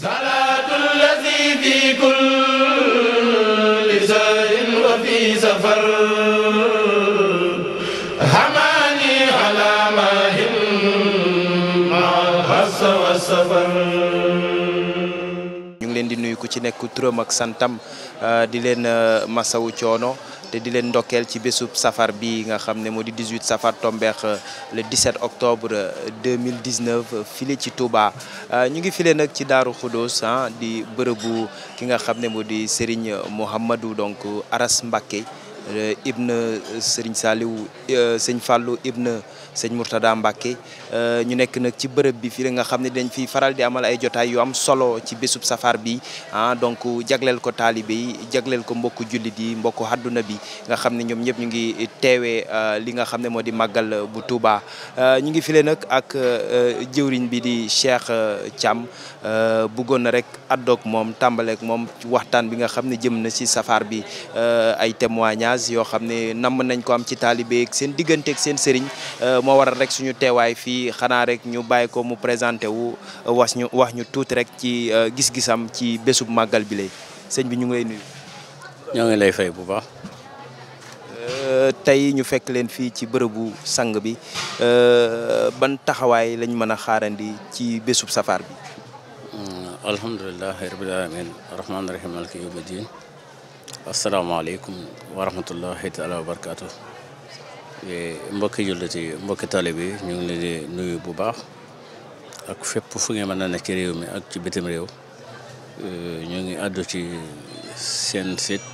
ñu ngi leen di nuyu ku ci nekk turam ak santam di leen uh, masawu coono te di leen ndokkeel ci bésub safar bi nga xam ne moo di 18 safar tombeex euh, le 17 octobre 2019 euh, euh, file ci Touba ñu ngi file nag ci Daaru Xudoos ah, di bërëbu ki nga xam ne moo di Serigne Mouhamadou donc Aras Mbacké ibn Serigne Saliou Serigne Fallou ibn sëñ Mourtada Mbacke euh, ñu nekk nag ci bërëb bi fii nga xam ne dañ fi faral di amal ay jotaay yu am solo ci bésub safar bi ah donc jagleel ko taalibe yi jagleel ko mbokku jullit yi mbokku àdduna bi nga xam ne ñoom ñëpp ñu ngi teewee euh, li nga xam ne moo di màggal euh, bu Touba euh, ñu ngi file nag ak jëwriñ bi di Cheikh Thiam bëggoon na rek addoog moom tàmbaleek moom waxtaan bi nga xam ne jëm na ci safar bi ay témoignages yoo xam ne namm nañ ko am ci taalibe ak seen digganteeg seen sëriñ moo waral rek suñu teewaay fii xanaa rek ñu bàyyi ko mu présenté wu wax ñu wax ñu tuuti rek ci gis-gisam ci bésu màggal bi lay sëñ bi ñu ngi lay ñoo ngi lay fay bu baax. tay ñu fekk leen fi ci bërëbu sang bi ban taxaway lañ mëna xaarandi ci bésub safar bi. alhamdulilahi rabbil alamin rahmaani rahim maliki yawmi assalamu alaykum wa rahmatullahi taala wa barakatuh mbokki mbokk yi mbokk talibi ñu ngi leen di nuyu bu baax ak fépp fu ngeen mëna nekk réew mi ak ci bitim réew ñu ngi àddu ci set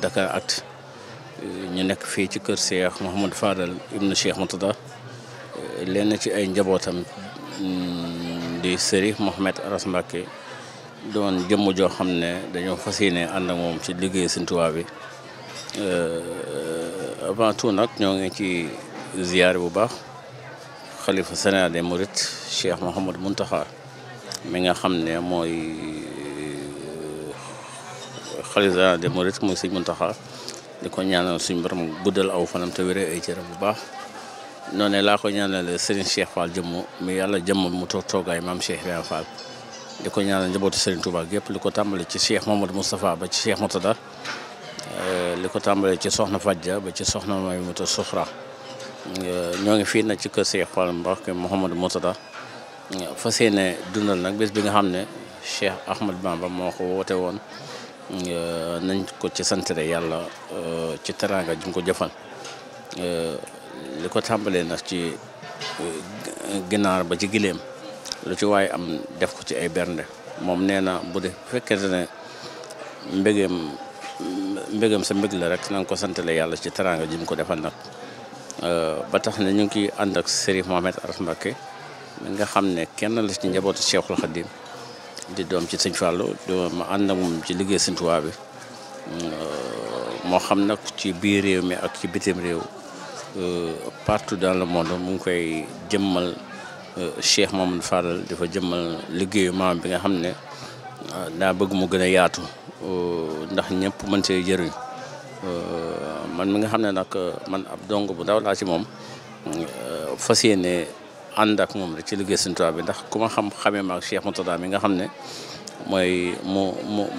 dakar Dakaractu ñu nekk fii ci kër Cheikh Mouhamad Fadal ibnu Cheikh Moutada lenn ci ay njabootam mm, di Sërif Mohamed Aras doon jëmm joo xam ne dañoo fas yéene ànd ak moom ci liggéey Sëñ bi euh, avant tout nag ñoo ngi ci ziyaare bu baax xalifa sénéral des mourides Cheikh Mouhamad Mountakha mi nga xam ne mooy euh, xalifa sénéral des mourides mooy Sëñ di ko ñaanal suñu borom guddal aw fanam te ay cëram bu baax noonu laa ko ñaanale Serigne Cheikh Fall jëmm mi yàlla jëmm mu toog toogaay maam Cheikh Ibrahima Fall di ko ñaanal njabootu Serigne Touba gépp li ko tàmbale ci Cheikh Mamadou Moustapha ba ci Cheikh Moutada eh, li ko tàmbale ci Soxna Fadja ba ci Soxna May Mouta Soufra eh, ñoo ngi fii nag ci kër Cheikh Fall Mbacké Mouhamadou Moutada eh, fas yéene dundal nag bés bi nga xam ne Cheikh Ahmad Bamba moo ko woote woon. nañ ko ci santre yàlla euh, ci teraanga ju ko jëfan euh, li ko tàmbalee nag ci euh, ganaar ba ci gileem lu ci waaye am def ko ci ay bernde moom nee na bu dee fekkente ne mbégeem mbégam sa mbég la rek na nga ko santale yàlla ci teraanga ji mu ko defal nag ba tax na ñu ngi ànd ak Sëriñ Mohamed Aras Mbacké mi nga xam ne kenn la ci njabootu Cheikhul Khadim di doom ci sëñ Fallou ma ànd ak moom ci liggéey sëñ mm, moo xam nag ci biir réew mi ak ci bitim réew euh, partout dans le monde mu ngi koy jëmmal euh, Cheikh Mamadou Fadal dafa jëmmal liggéeyu maam bi nga xam ne euh, daa bëgg mu gën a yaatu ndax ñëpp mën see jëriñ man mi nga xam ne nag man ab dong bu ndaw laa ci moom fas yéene andak mom ci liggéey Sëñ Tuubaa bi ndax kuma xam xame ma Cheikh Mourtada mi nga xamne moy mo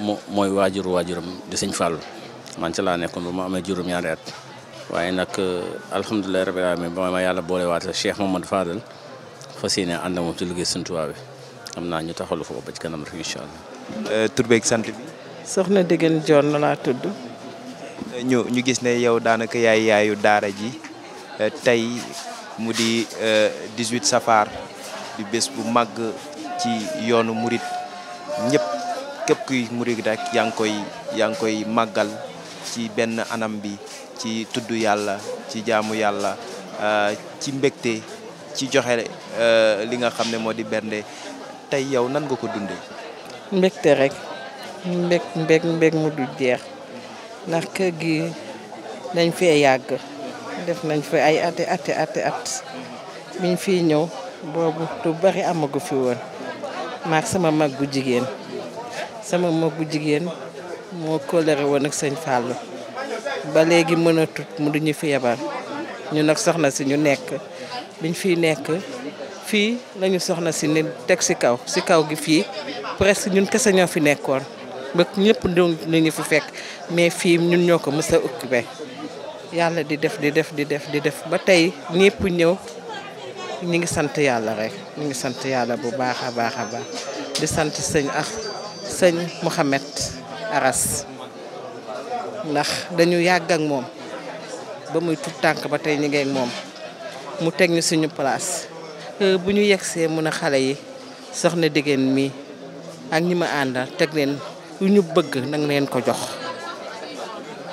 mo moy wajur wajuram waajur waajuram di Sëñ Fàllu man ci la nekkon bu ma amé jurum naari at waye nak alhamdulilah rabbil alamin ba ma yàlla bolé wat Cheikh mohammed Fadal fasiyene andam mom ci liggéey Sëñ Tuubaa bi amna ñu taxalu foofu ba ci kanam rek inshallah euh tour beeg sante bi. soxna Degen jorn la tudd. ñu ñu gis ne yow daanaka yaay yaayu daara ji tay mu di 18 euh, safar di bés bu màgg ci yoonu murit ñëpp képp kuy murit rek yaa ngi koy yaa ngi koy màggal ci benn anam bi ci tudd yàlla ci jaamu yàlla euh, ci mbégte ci joxe euh, li nga xam ne moo di bernde tey yow nan nga ko dundee. mbégte rek mbég mbég mbég mu du jeex ndax kër gi dañ fee yàgg. def nañ fi ay ati ati ati at biñ fi ñëw boobu lu bari amagu fi woon maak sama mag gu jigéen sama mag gu jigéen moo kóllëre woon ak sëñ Fallou ba léegi mën a tut fi yebal ñu nag soxna si ñu nekk biñ fi nekk fii lañu soxna si ni teg si kaw si kaw gi fii presque ñun kese ñoo fi nekkoon ba ñépp ñu ñu fi fekk mais fii ñun ñoo ko mës a occupé yàlla di def di def di def di def ba tey ñëpp ñëw ñu ngi sant yàlla rek ñi ngi sant yàlla bu baax a baax a di sant sëñ ax sëñ Mouhamed Aras ndax dañu yàgg ak moom ba muy tut tànk ba tey ñu ngi moom mu teg ñu suñu palaas bu ñu yegsee mun a xale yi soxna diggéen mi ak ñi ma àndal teg leen lu ñu bëgg nang leen ko jox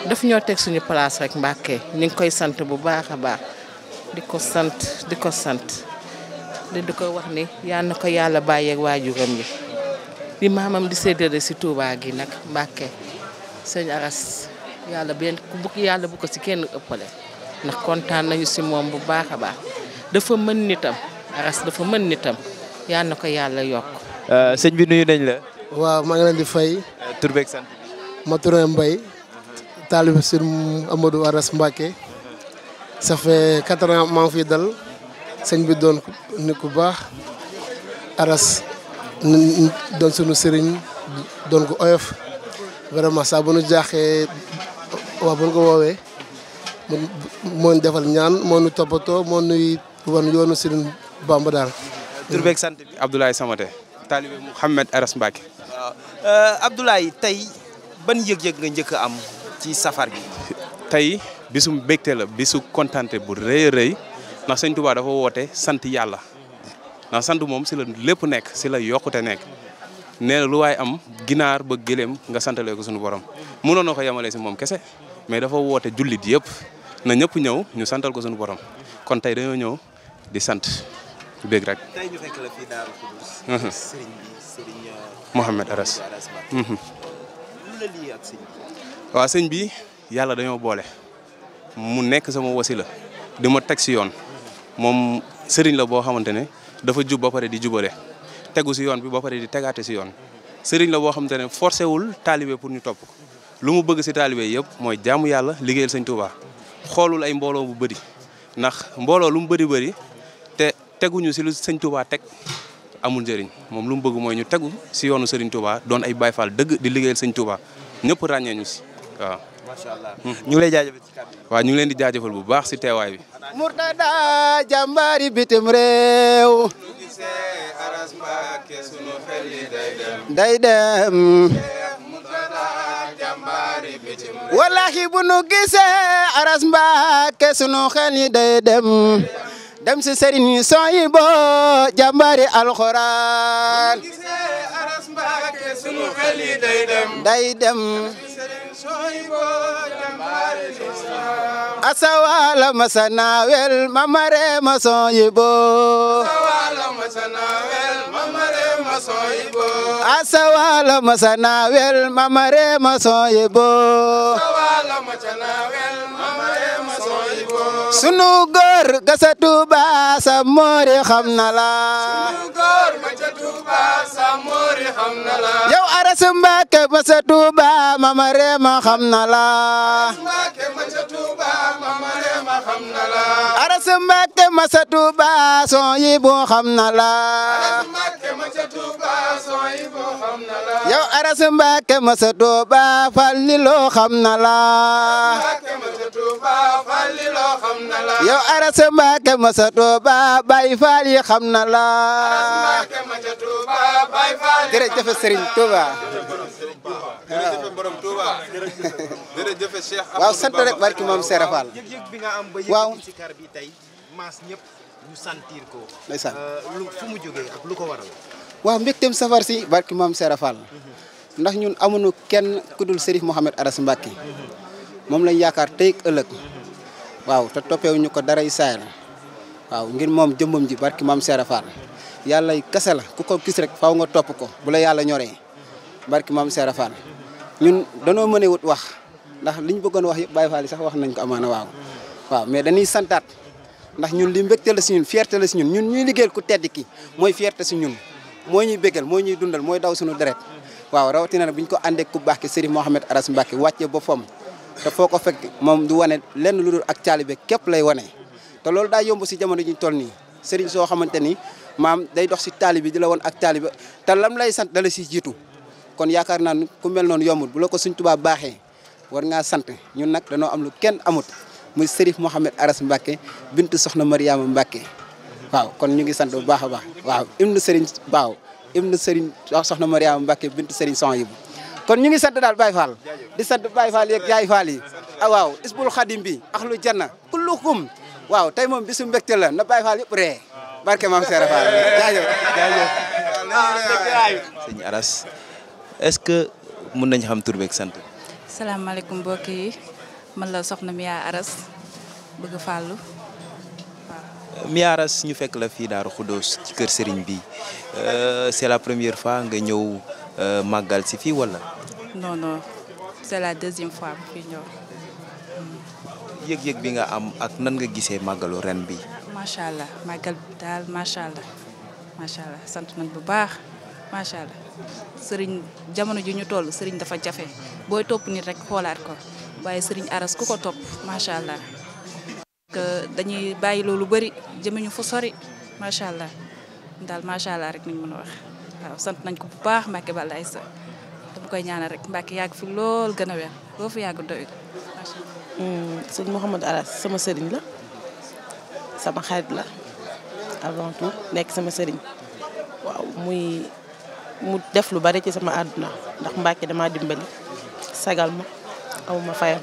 daf ñoo teg suñu place rek Mbàkke ñu ngi koy sant bu baax a baax di ko sant di ko sant di di ko wax ni yal na ko yàlla bàyyeeg waajuram yi di maamam di séddale si Touba gi nag Mbàkke sëñ Aras yàlla benn bu yàlla bu ko si kenn ëppale ndax kontaan nañu si moom bu baax a baax dafa mën nitam Aras dafa mën nitam yal na ko yàlla yokk. Euh, sëñ bi nuyu nañ la. waaw maa ngi leen di fay. Euh, tur sant ma Touré Mbaye. talib sir Amadou Aras mbake ça fait 4 ans maa fi dal sëñ bi don ni ku bax Aras don sunu serigne don ko oyof vraiment saa bonu jaxé wa wax ko wowe mo ñu defal ñaan mo ñu topato mo ñuy won yoonu Serigne Bamba dal tur beeg sant bi Abdoulaye Samaté. taalibe Mouhamed Aras mbake waaw euh, Abdoulaye tay ban yëg-yëg nga ñëk am. ci safar gi. tey bisu mbégte la bisu kontante bu rëy rëy ndax sëñ Tuubaa dafa woote sant yàlla ndax sant moom si la lépp nekk si la yokkute nekk nee lu waaye am ginaar ba gëléem nga santalee ko suñu borom mënoon na ko yemale si moom kese mais dafa woote jullit yëpp na ñëpp ñëw ñu santal ko suñu borom kon tey dañoo ñëw di sant bëgg rek. waa sëñ bi yàlla dañoo boole mu nekk sama wasila di ma teg si yoon moom sëriñ la boo xamante ne dafa jub ba pare di jubale tegu si yoon bi ba pare di tegaate si yoon sëriñ la boo xamante ne forcé wul taalibe pour ñu topp ko lu mu bëgg si taalibe yëpp mooy jaamu yàlla liggéeyal sëñ Tuubaa xoolul ay mbooloo bu bëri ndax mbooloo lu mu bëri bëri te teguñu si lu sëñ Tuubaa teg amul njariñ moom lu mu bëgg mooy ñu tegu si yoonu sëriñ Tuubaa doon ay Baay Faal dëgg di liggéeyal sëñ ñëpp ràññee si waaw. macha allah hmm. ñu ngi leen di jaajëfal bu baax si teewaay bi. Murtada wallahi bu nu gisee aras Mbàkke sunu xel yi day dem dem si sëriñ yi bo jàmbari alxuraan asawala masanawel mamare mason yibo asawala masanawel mamare mason yibo asawala masanawel mamare mason yibo asawala masanawel sunu góor ga sa Tuuba sa moori xam na la sunu góor ga sa Tuuba sa moori xam na la yow aras sa Tuuba mama reema xam na la Mbàkke ma xam na la aras Mbàkke ma sa Tuuba son yi bu xam na la aras Mbàkke ma sa Tuuba son yi bu xam na la Yo Arasu Mbàkke ma ba Tuuba Falliloo xam na la yow Arasu Mbàkke ma sa Tuuba Baay Faal yi xam na la jërëjëf Serigne Touba jërëjëf borom Cheikh waaw rek barki mom serafal Fall bi nga am ba yëg ci bi ñu sentir ko euh lu fu mu joge ak lu ko waral waaw mbégteem safar si barki maam Serap Fall ndax ñun amuñu kenn ku dul Serif Mohamed Aras Mbacke moom lañ yaakaar tey ëllëg waaw te toppeewu ñu ko dara yi saayal waaw ngir moom jëmmam ji barki maam Serap Fall yàlla kese la ku ko gis rek faw nga topp ko bu la yàlla ñoree barki maam Serap Fall ñun danoo mën a wut wax ndax liñ bëggoon wax yëpp Baye Fall sax wax nañ ko amaana waaw waaw mais dañuy santaat ndax ñun li mbégte la si ñun fierté la si ñun ñun ñuy liggéeyal ku tedd ki mooy fierté si ñun. moo ñuy bégal mooy ñuy dundal mooy daw suñu deret waaw rawatina na bu ñu ko àndee ku baax ki Serigne Mohamed Aras Mbacke wàccee boppam te foo ko fekk moom du wane lenn lu dul ak taalibe képp lay wane. te loolu daa yomb si jamono ji ñu nii Serigne soo xamante ni maam day dox si taalibe di la woon ak taalibe te lam lay sant dala si jiitu kon yaakaar naa ne ku mel noonu yombul bu la ko suñ tubaab baaxee war ngaa sant ñun nag danoo am lu kenn amut muy Serigne Mohamed Aras Mbacke bint soxna Mariama Mbacke. waaw kon ñu ngi sant bu baax a baax waaw ibnu Serigne Baaw a Serigne wax soxna Mariama Mbacke bint Serigne Sonhibou kon ñu ngi sant daal Baye Fall di sant Baye Fall yeeg Yaay Fall yi ah waaw isbul xadim bi axlu janna kullukum waaw tey moom bisu mbégte la na Baye Fall yëpp ree barke maam Seera Fall jaajëf jaajëf sëñ Aras est-ce que mën nañ xam tur beeg sant salaamaaleykum mbokk yi man la soxna Mia Aras bëgg fàllu Miaras ñu fekk la fii Daaru Xuddoos ci kër Serigne bi euh, c'est la première fois nga ñëw euh, màggal si fii wala. non non c'est la deuxième fois bu fi ñëw. yëg-yëg bi nga am ak nan nga gisee màggalu ren bi. Machallah, Magal, màggal Machallah. Machallah, allah macha allah sant nañ bu baax macha allah sëriñ jamono ji ñu toll sëriñ dafa jafe booy topp nit rek xoolaat ko waaye Serigne aras ku ko topp macha dañuy bàyyi loolu bëri jëmiñu fu sori macha allah daal macha allah rek nañ mën a wax waaw sant nañ ko bu baax Mbacke Balla Aïssa dama koy ñaanal rek Mbacke yàgg fi lool gën a wér loo fi yàgg doyul macha allah. Hmm, sama sëriñ la sama xarit la avant tout nekk sama sëriñ waaw muy mu def lu bari ci sama àdduna ndax Mbacke damaa dimbali sagal ma awma ma fayam.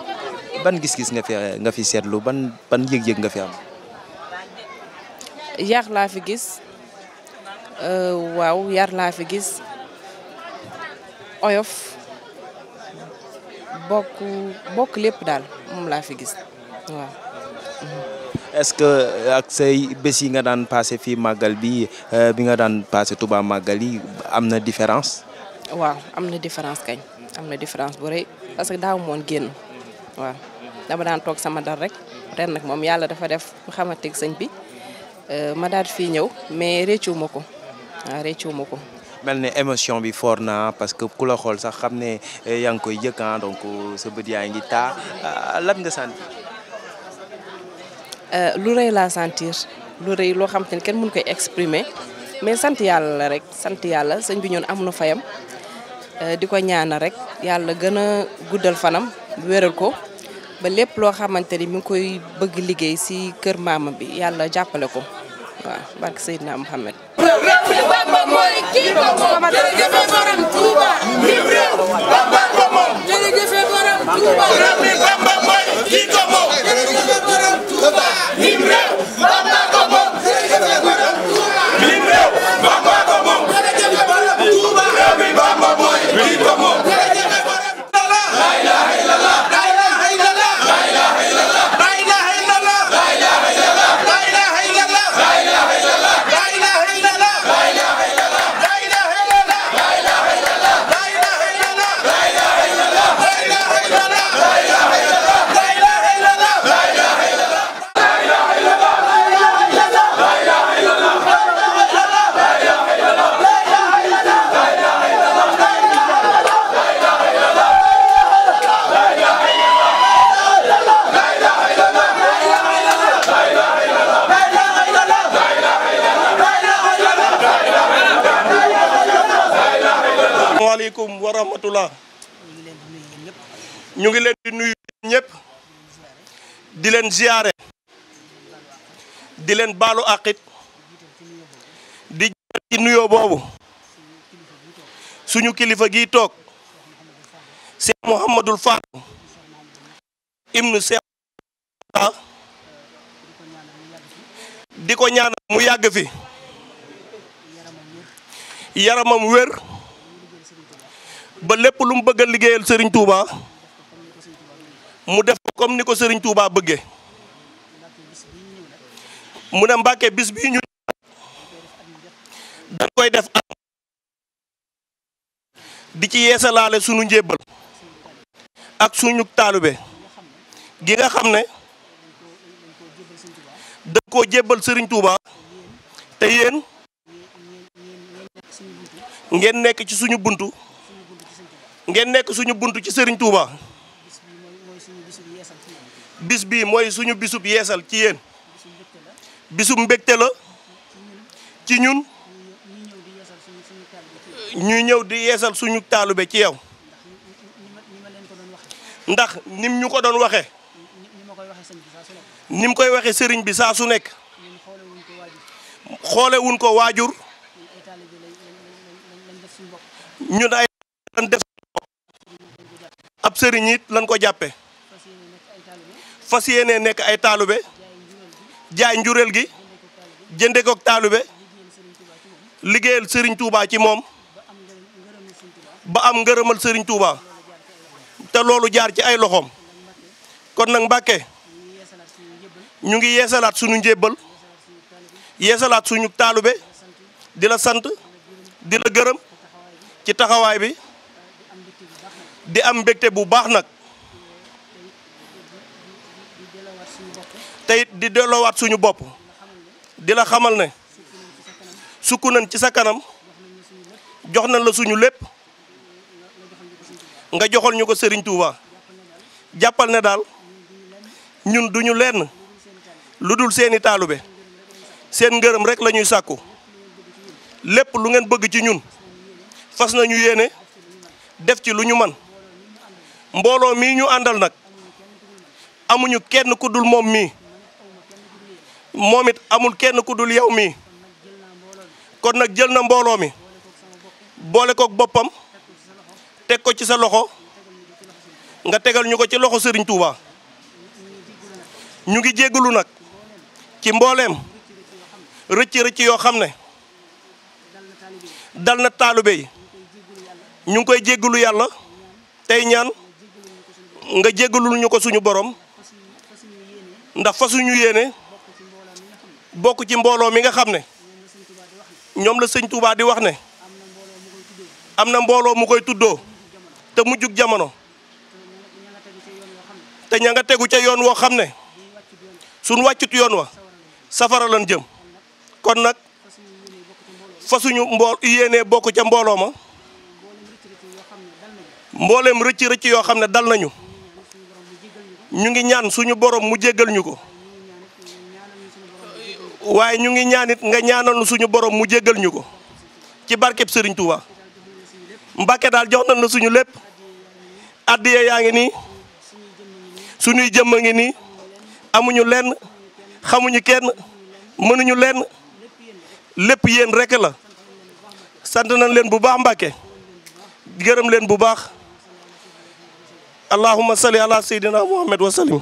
ban gis-gis nga fi nga fi setlu ban ban yeg yeg nga fi am yar la fi gis euh, waw yar la fi gis oyof bok bok lepp dal mom la fi gis waaw est-ce que euh, ak say bés yi nga dan passé fi magal bi euh, bi nga dan passé Touba magali amna différence amna différence kagne amna différence bu reuy parce que daw mon guen waaw dama daan toog sama dal rek ren nag moom yàlla dafa def mu teg sañ bi euh, ma fi fii ñëw mais réccu ma ko waaw ma ko. mel ne émotion bi fort na parce que ku la xool sax xam ne eh, yaa ngi koy yëg ah, donc euh, sa bët yaa ngi taa euh, lan nga sentir. lu rëy laa sentir lu rëy loo xam te ne kenn mënu koy exprimer mais sant yàlla la rek sant yàlla sañ bi ñun am na fayam di ko ñaana rek yàlla gën guddal fanam wéral ko. ba lépp loo xamante ni mi ngi koy bëgg liggéey si kër maam bi yàlla jàppale ko waaw barke Seydina Mohamed. Bamba ñu ngi leen di nuyu ñëpp di leen ziyaare di leen baalu àqit di jiital ci nuyoo boobu suñu kilifa gi toog Cheikh Mouhamadul Fadal ibnu Cheikh di ko ñaanal mu yàgg fi yaramam wér ba lépp lu mu bëgg liggéeyal sëriñ Touba mu def comme ni ko sëriñ Touba bëggee mu ne Mbàkke bis bi ñu dañ koy def ak di ci yeesalaale sunu njébbal ak suñu taalube gi nga xam ne dañ koo jébbal sëriñ Touba te yéen ngeen nekk ci suñu buntu ngeen nekk suñu buntu ci sëriñ Touba bis bii mooy suñu bisub yeesal ci yéen bisub mbégte ci ñun ñuy ñëw di yeesal suñu taalubee ci yow ndax nim ñu ko doon waxee nim koy waxee sëriñ bi saa su nekk xoole wuñ ko waajur ñun ay lan def ab sëriñ lan ko jàppee fas yéenee nekk ay taalube jaay njureel gi jënde kook taalube liggéeyal Serigne Touba ci moom ba am ngërëmal Serigne Touba te loolu jaar ci ay loxoom kon nag Mbàkke ñu ngi yeesalaat suñu njébbal yeesalaat suñu taalube di la sant di la gërëm ci taxawaay bi di am mbégte bu baax nag tay di wat suñu bop di la xamal ne suku nañ ci sa kanam jox nañ la suñu lepp nga joxol ñuko ko Serigne Touba jappal ne dal ñun duñu lenn ludul seeni talube seen ngeerum rek lañuy sakku lepp lu ngeen bëgg ci ñun fas nañu yene def ci luñu man mbolo mi ñu andal nak amuñu kenn ku dul mom mi moom it amul kenn ku dul yow mii kon nag jël na mbooloo mi boole kook boppam teg ko ci sa loxo nga tegal ñu ko ci loxo Serigne Touba ñu ngi jéggalu nag ci mbooleem rëcc-rëcc yoo xam ne dal na taalibe yi ñu ngi koy jéggalu yàlla tey ñaan nga jéggalul ñu ko suñu boroom ndax fasuñu yéene Boko ci mbolo mi nga xamne ñom la seigne Touba di wax ne amna mbolo mu koy tuddo te juk jamono te ña nga tegu ca yoon wo xamne ne suñ yoon wa safara lan jëm kon nag fasuñu mbol yene bokku ci mbolo ma mbolem rëcc rëcc yo xamne dal nañu ñu ngi ñaan suñu borom mu jéggal ñuko waye ñu ngi ñaanit nga ñaanal suñu borom mu jéggal ñuko ci barkeb Serigne Touba Mbacke dal jox nañ la suñu lépp addiya yaangi ni suñu jëm nga ni amuñu lenn xamuñu kenn mënuñu lenn lépp yeen rek la sant nañ leen bu baax gërëm leen bu baax allahumma salli ala sayidina muhammad wa sallim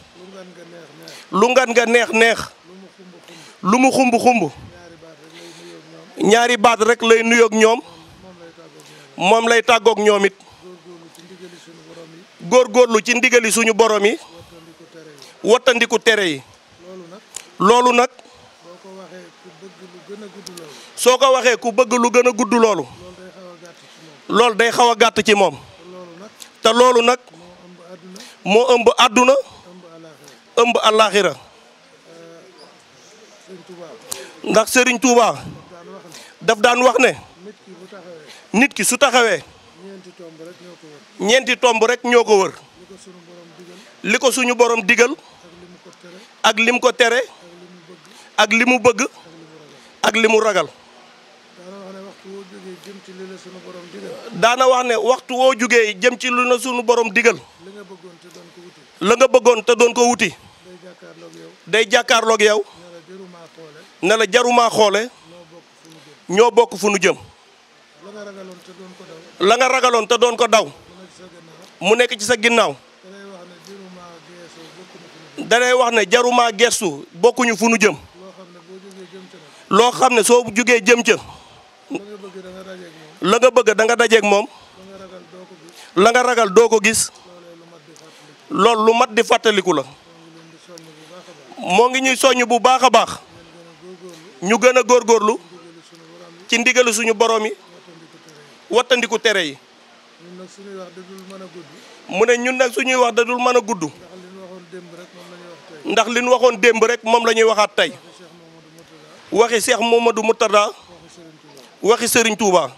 lu ngan nga neex neex lu mu xumb xumb ñaari baat rek lay nuyoog ñoom moom lay tàggook ñoom it góorgóorlu ci ndigali suñu borom yi wattandiku tere yi loolu nag soo ko waxee ku bëgg lu gën a gudd loolu loolu day xaw a gàtt ci moom te loolu nag moo ëmb àdduna ëmb àllaaxira ndax sëriñ Touba daf daan wax ne nit ki su taxawee ñeenti tomb rek ñoo ko wër li ko suñu borom digal ak lim ko tere ak li mu bëgg ak li mu ragal daana wax ne waxtu woo jógee jëm ci lu na suñu borom digal la nga bëggoon te doon ko wuti day jàkkaarloog yow ne la jarumaa xoole ñoo bokk fu nu jëm la nga ragaloon te doon ko daw mu nekk ci sa ginnaaw danay wax ne jarumaa gestu bokkuñu fu nu jëm loo xam ne soo jógee jëm ca la nga bëgg da nga dajeeg moom la nga ragal doo ko gis loolu lu mat di fàttaliku la moo ngi ñuy soññ bu baax a baax ñu gën a góorlu ci ndigalu suñu borom yi wattandiku tere yi mu ne ñun nag suñuy wax dadul mën a gudd ndax li ñu waxoon démb rek moom la ñuy waxaat tey waxi Cheikh Momadou Moutada waxi Serigne Touba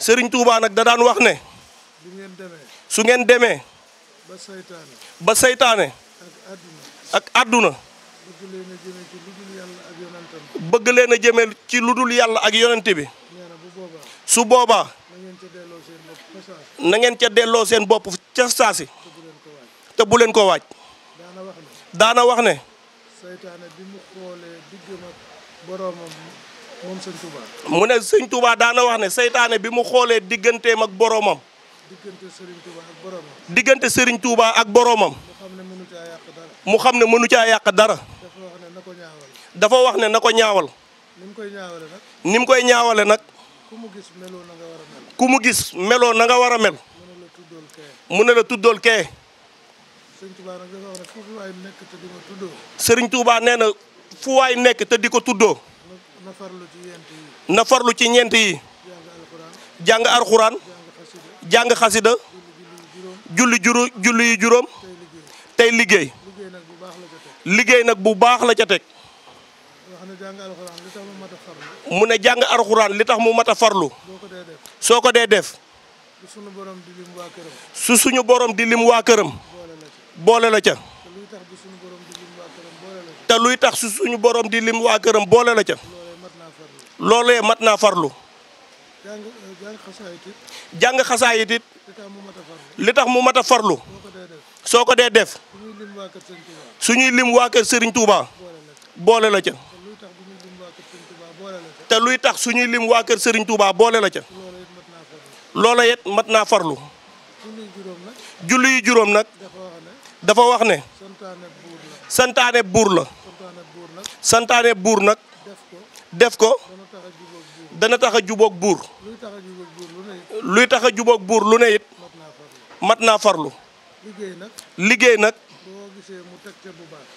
sëriñ Touba nag da daan wax ne. su ngeen demee ba seytaane ak àdduna bëgg leen a jëme ci lu dul yàlla ak yonente bi su boobaa na ngeen ca delloo seen bopp ca saasi te bu leen ko waaj daana wax ne mu ne sëñ Tuubaa daana wax ne seytaane bi mu xoolee digganteem ak boroomam diggante Serigne Touba ak boromam. diggante Serigne Touba ak boromam. mu xam ne mënu caa yàq dara. dafa wax ne na ko ñaawal. dafa wax ne na ko ñaawal. ni mu koy ñaawale nag. ni mu koy ñaawale nag. ku mu gis meloo na nga war mel. ku mu gis meloo na war a mel. mu ne la tuddool kee. Serigne Touba nag dafa fu waay nekk te di ko tuddoo. nee na fu nekk te di ko tuddoo. na farlu ci ñeent yi. jàng alxuraan. Jangan khasida julli juro julli jurom tay liggey liggey nak bu bax la ca tek mu jang alquran li mu mata farlu soko de susunya def su suñu borom di lim wa këram bolé la ca ta luy tax su suñu borom di lim wa këram bolé la ca mat farlu jàng eh, jàng xasaayit li tax mu mat a farlu. soo ko dee def. suñuy lim waa kër lim waa kër Serigne Touba. boole la ca. te luy tax suñuy lim waa kër sëriñ Touba boole la ca. loola it mat naa farlu. julli yu juróom nag. dafa wax ne. santaane buur la. santaane buur nag. buur nag. def ko dana tax a jubóog buur luy tax a jubóog buur lu ne it mat naa farlu liggéey nag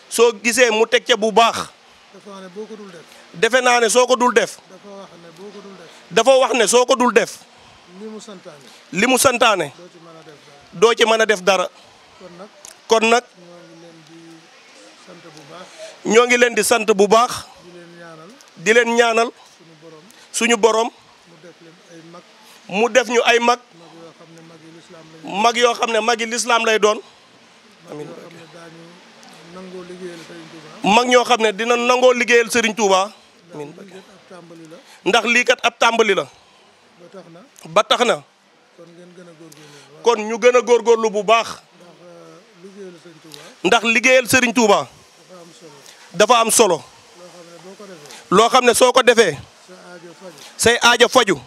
soo gisee mu teg ca bu baax defe naa ne soo ko dul def dafa wax ne soo ko dul def li mu santaane doo ci mën a def dara kon nag ñoo ngi leen di sant bu baax di leen ñaanal suñu borom mu def ñu ay mag mag yoo xam ne mag yi lislaam lay doon mag ñoo xam ne dina nangoo liggéeyal Serigne Touba ndax lii kat ab tàmbali la ba tax na kon ñu gën a góorgóorlu bu baax ndax liggéeyal sëriñ Touba dafa am solo. loo xam ne soo ko defee say aajo faju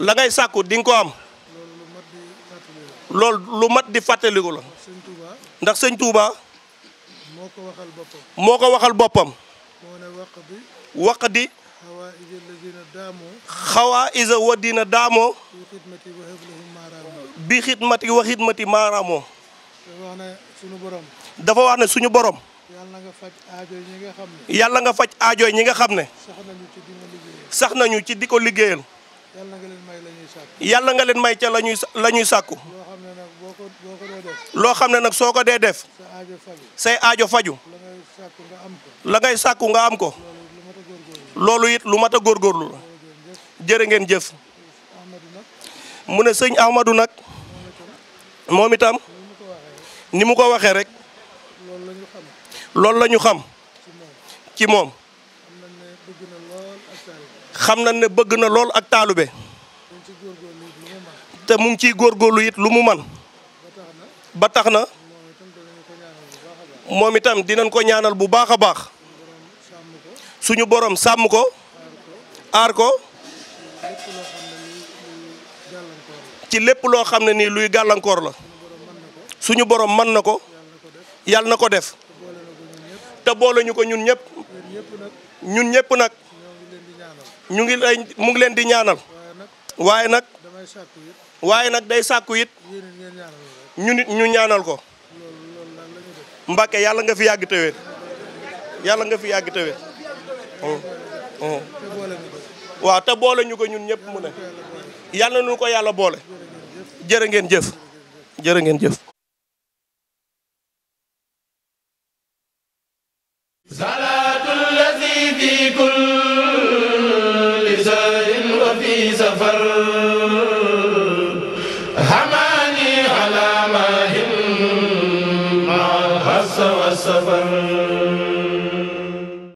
la ngay sàkku di nga ko am loolu lu mat di fàttaliku la ndax sëñ Touba moo ko waxal boppam waq di xawaa isa wa dina daamoo bi xidmati wa xidmati maaraamoo dafa wax ne suñu borom yàlla nga faj aajo ñi nga yàlla nga faj aajo ñi nga xam ne. sax nañu ci di ko liggéeyal. sax nañu nga leen may la ñuy sàkku. yàlla nga leen may ca la ñuy la sàkku. loo xam ne nag ko boo loo xam ne nag soo ko dee def. sa aajo say ajo faju. la ngay sàkku nga am ko. la nga am ko. loolu it lu mat a góorgóorlu la. jërë ngeen jëf. mu ne sëñ Ahmadou nag. moom itam. ni mu ko waxee rek. loolu la ñu xam ci moom xam na ne bëgg na lool ak taalube te mu ngi góor góorgóorlu it lu mu man ba tax na moom itam dinañ ko ñaanal bu baax a baax suñu borom sàmm ko aar ko ci lépp loo xam ne nii luy gàllankoor la suñu borom mën na ko yàlla na ko def te boole ñu ko ñun ñëpp ñun ñëpp nag ñu ngi lay mu ngi leen di ñaanal waaye nag waaye nag day sàkku it ñu ñaanal ko mbake yàlla nga fi yàgg tëwee yàlla nga fi yàgg tëwee mm. mm. waaw te boole ñu ko ñun ñëpp mu ne yàlla nu ko yàlla boole jërë ngeen jëf jërë ngeen jëf